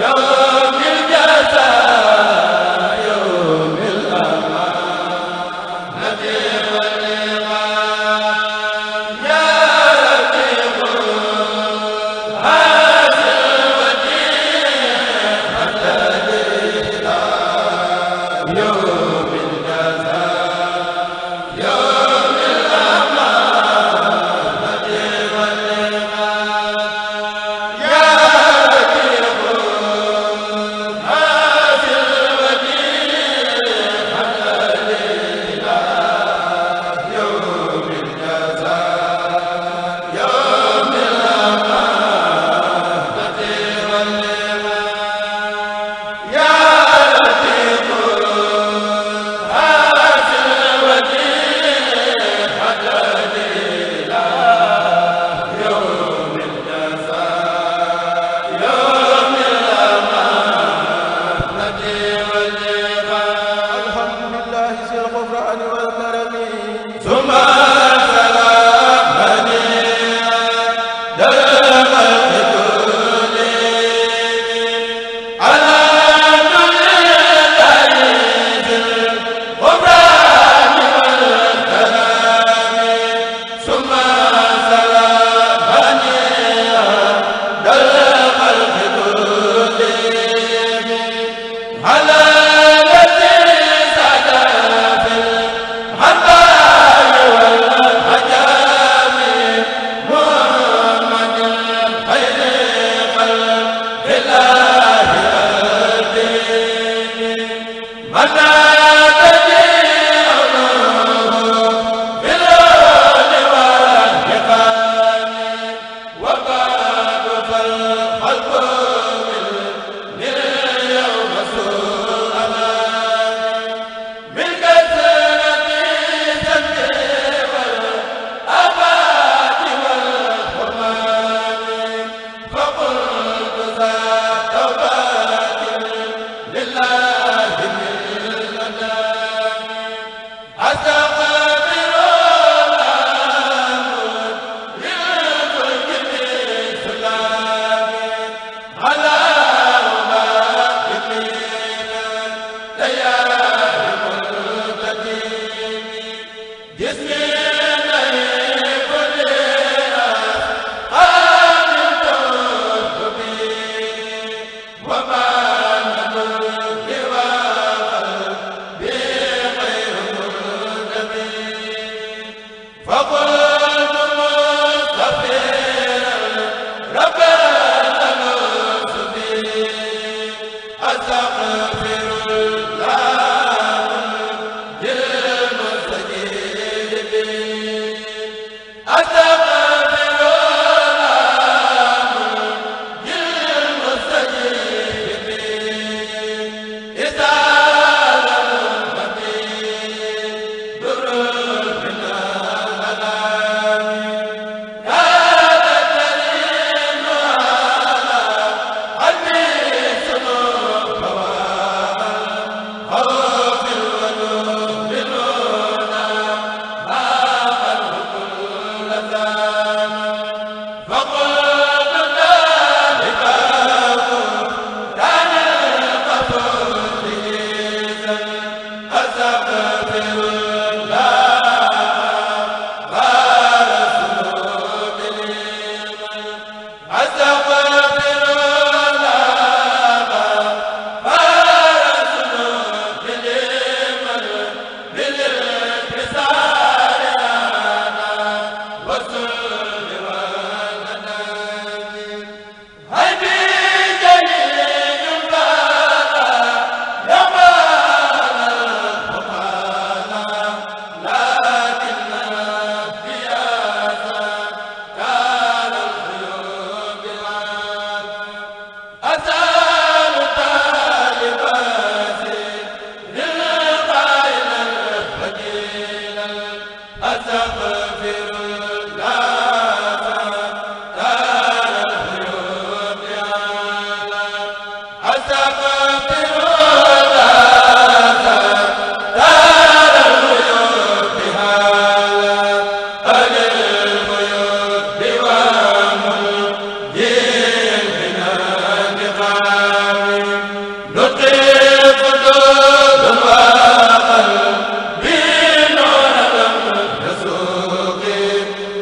yaa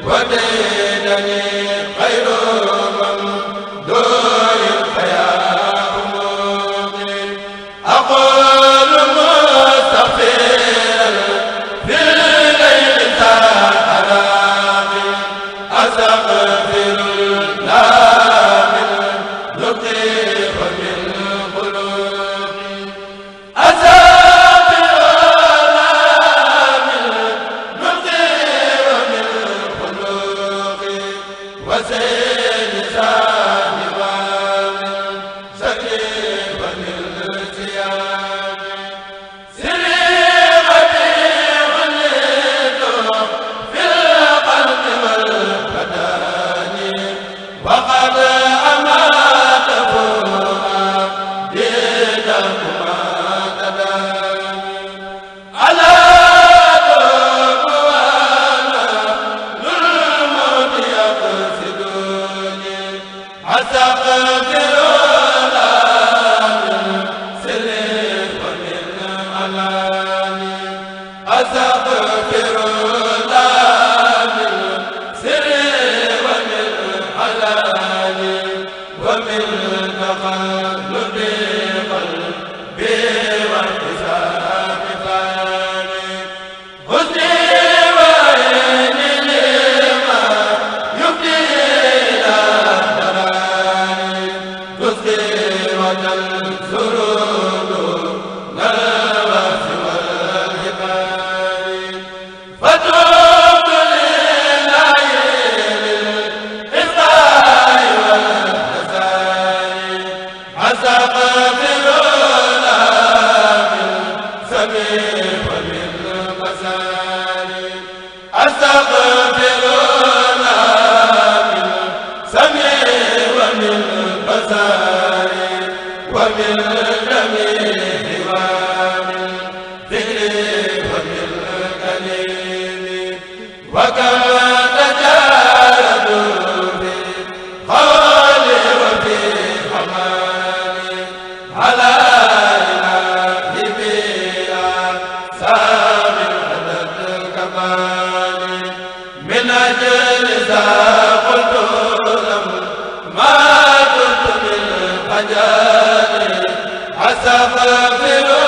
وتيتني بالتقى amiin ما كنت من حجاب عسى فاغفر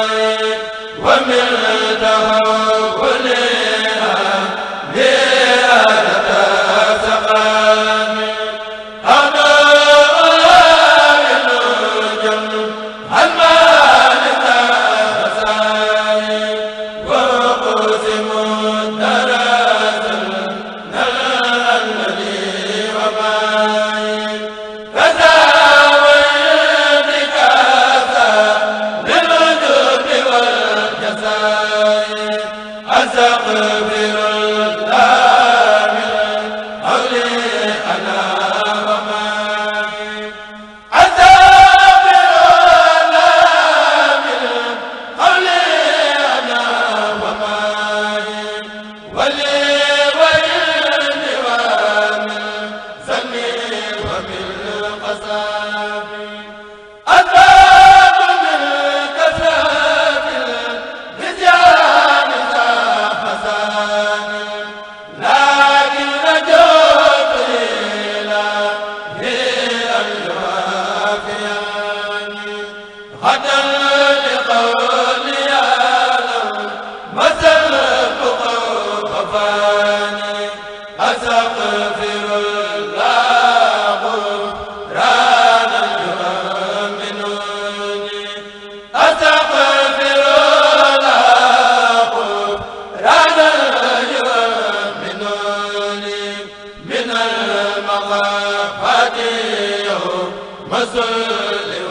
la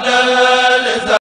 Adal